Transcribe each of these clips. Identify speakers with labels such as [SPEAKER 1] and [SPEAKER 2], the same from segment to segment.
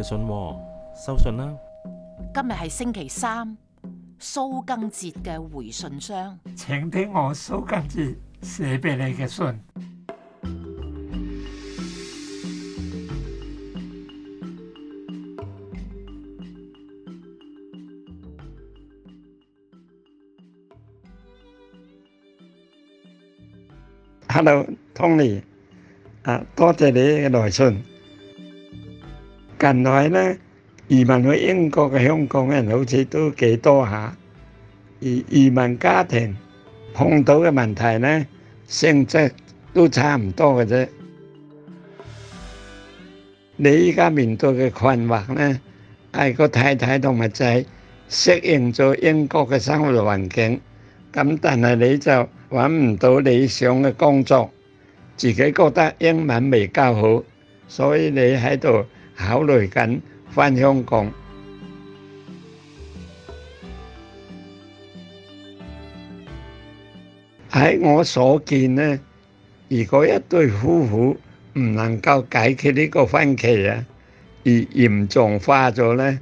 [SPEAKER 1] 嘅信，收信啦！今日係星期三，蘇賡哲嘅回信箱，
[SPEAKER 2] 請聽我蘇賡哲寫俾你嘅信。Hello，Tony，啊，多謝你嘅來信。原來咧，移民去英國嘅香港人好似都幾多下。而移民家庭碰到嘅問題咧，性質都差唔多嘅啫。你依家面對嘅困惑咧，係個太太同埋仔適應咗英國嘅生活環境，咁但係你就揾唔到理想嘅工作，自己覺得英文未夠好，所以你喺度，考慮緊返香港。喺我所見咧，如果一對夫婦唔能夠解決呢個分歧啊，而嚴重化咗咧，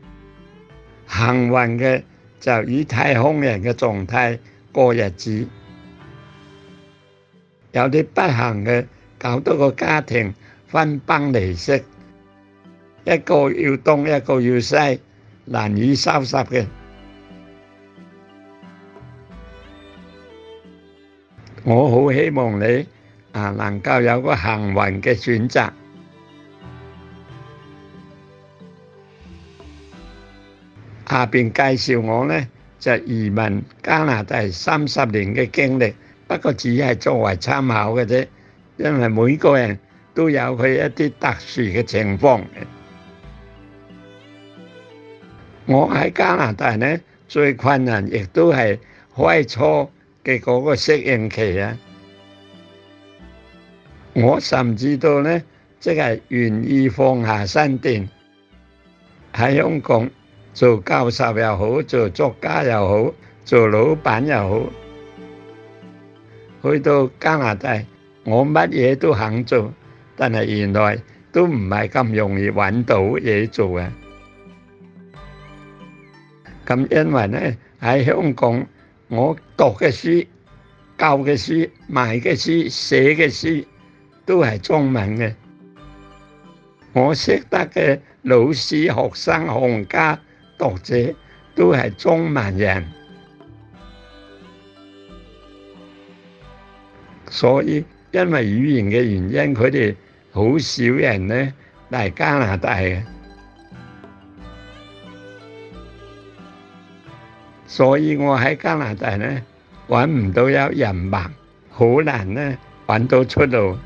[SPEAKER 2] 幸運嘅就以太空人嘅狀態過日子，有啲不幸嘅搞到個家庭分崩離析。一個要東，一個要西，難以收拾嘅。我好希望你啊能夠有個幸運嘅選擇。下邊介紹我呢就移民加拿大三十年嘅經歷，不過只係作為參考嘅啫，因為每個人都有佢一啲特殊嘅情況。我喺加拿大呢，最困難亦都係開初嘅嗰個適應期啊！我甚至到呢，即係願意放下身段喺香港做教授又好，做作家又好，做老闆又好。去到加拿大，我乜嘢都肯做，但係原來都唔係咁容易搵到嘢做啊！咁因為咧，喺香港，我讀嘅書、教嘅書、賣嘅書、寫嘅書都係中文嘅。我識得嘅老師、學生、行家、讀者都係中文人，所以因為語言嘅原因，佢哋好少人咧嚟加拿大嘅。所以我喺加拿大呢揾唔到有人脈，好難呢揾到出路。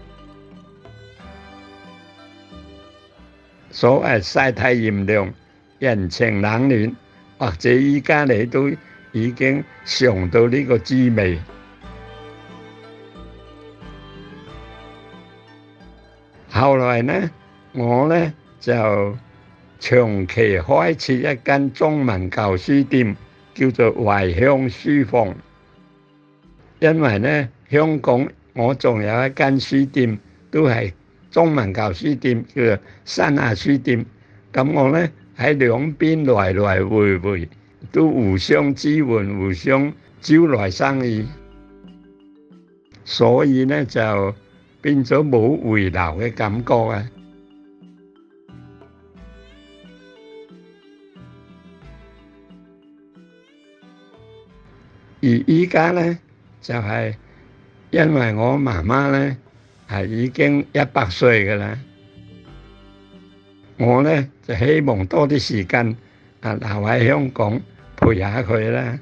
[SPEAKER 2] 所謂世態炎涼、人情冷暖，或者依家你都已經嚐到呢個滋味。後來呢，我呢就長期開設一間中文舊書店。叫做懷鄉書房，因為咧，香港我仲有一間書店，都係中文教書店叫做新亞書店，咁我咧喺兩邊來來回回都互相支援，互相招來生意，所以咧就變咗冇回流嘅感覺啊！而依家咧就係因為我媽媽咧係已經一百歲嘅啦，我咧就希望多啲時間啊留喺香港陪下佢啦，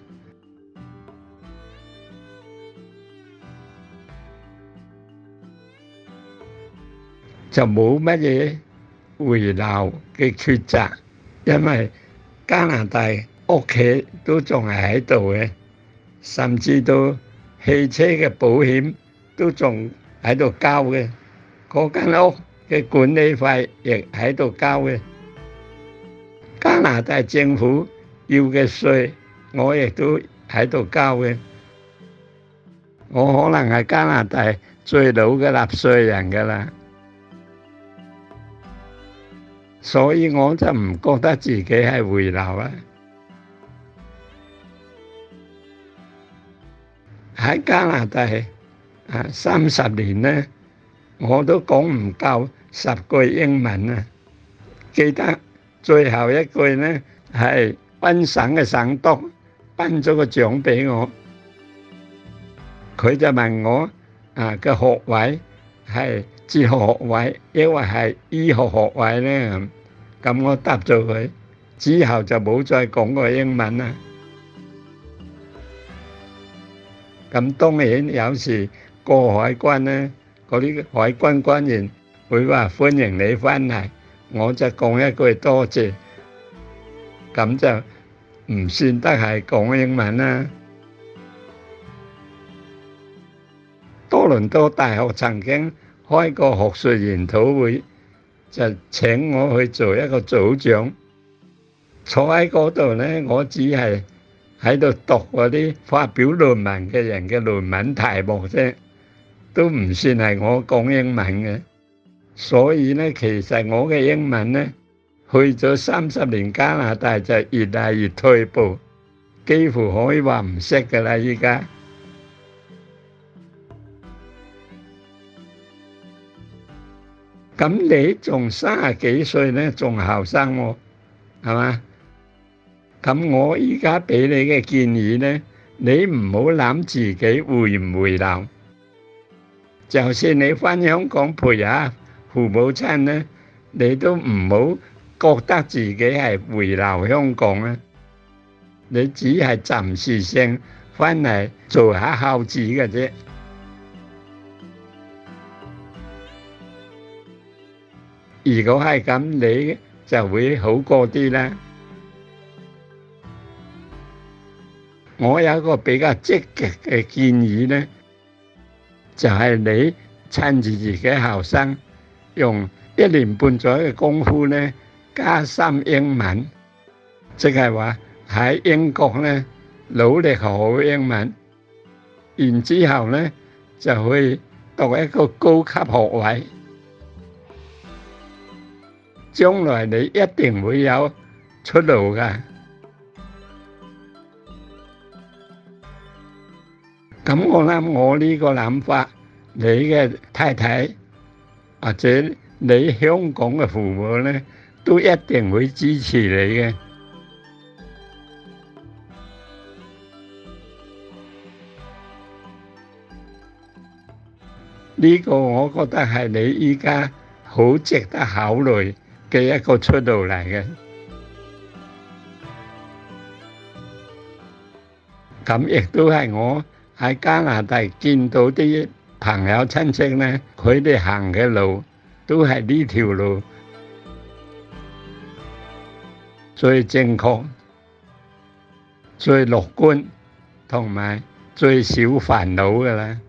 [SPEAKER 2] 就冇乜嘢回流嘅抉擇，因為加拿大屋企都仲係喺度嘅。甚至到汽車嘅保險都仲喺度交嘅，嗰間屋嘅管理費亦喺度交嘅，加拿大政府要嘅稅我亦都喺度交嘅，我可能係加拿大最老嘅納稅人㗎啦，所以我就唔覺得自己係回流啊。喺加拿大啊，三十年咧，我都講唔夠十句英文啊！記得最後一句咧，係賓省嘅省督頒咗個獎俾我，佢就問我啊個學位係哲學學位，抑或係醫學學位咧咁，咁我答咗佢，之後就冇再講過英文啦。咁當然有時過海關呢，嗰啲海關官員會話歡迎你翻嚟，我就講一句多謝，咁就唔算得係講英文啦。多倫多大學曾經開過學術研討會，就請我去做一個組長，坐喺嗰度呢，我只係，喺度讀嗰啲發表論文嘅人嘅論文題目啫，都唔算係我講英文嘅。所以咧，其實我嘅英文咧，去咗三十年加拿大就越嚟越退步，幾乎可以話唔識噶啦。依家咁你仲三十幾歲咧？仲後生喎，係嘛？咁我而家俾你嘅建議咧，你唔好諗自己回唔回流，就算你翻香港陪下父母親咧，你都唔好覺得自己係回流香港啊！你只係暫時性翻嚟做下孝子嘅啫。如果係咁，你就會好過啲啦。我有一個比較積極嘅建議呢，就係你趁住自己後生，用一年半載嘅功夫呢，加深英文，即係話喺英國呢努力學好英文，然之後呢就可以讀一個高級學位，將來你一定會有出路㗎。咁我諗，我呢個諗法，你嘅太太或者你香港嘅父母咧，都一定會支持你嘅。呢個我覺得係你依家好值得考慮嘅一個出路嚟嘅。咁亦都係我。喺加拿大見到啲朋友親戚咧，佢哋行嘅路都係呢條路最正確，最樂觀同埋最少煩惱嘅啦。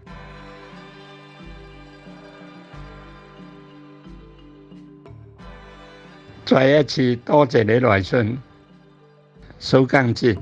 [SPEAKER 2] 再一次多謝你來信，蘇賡哲。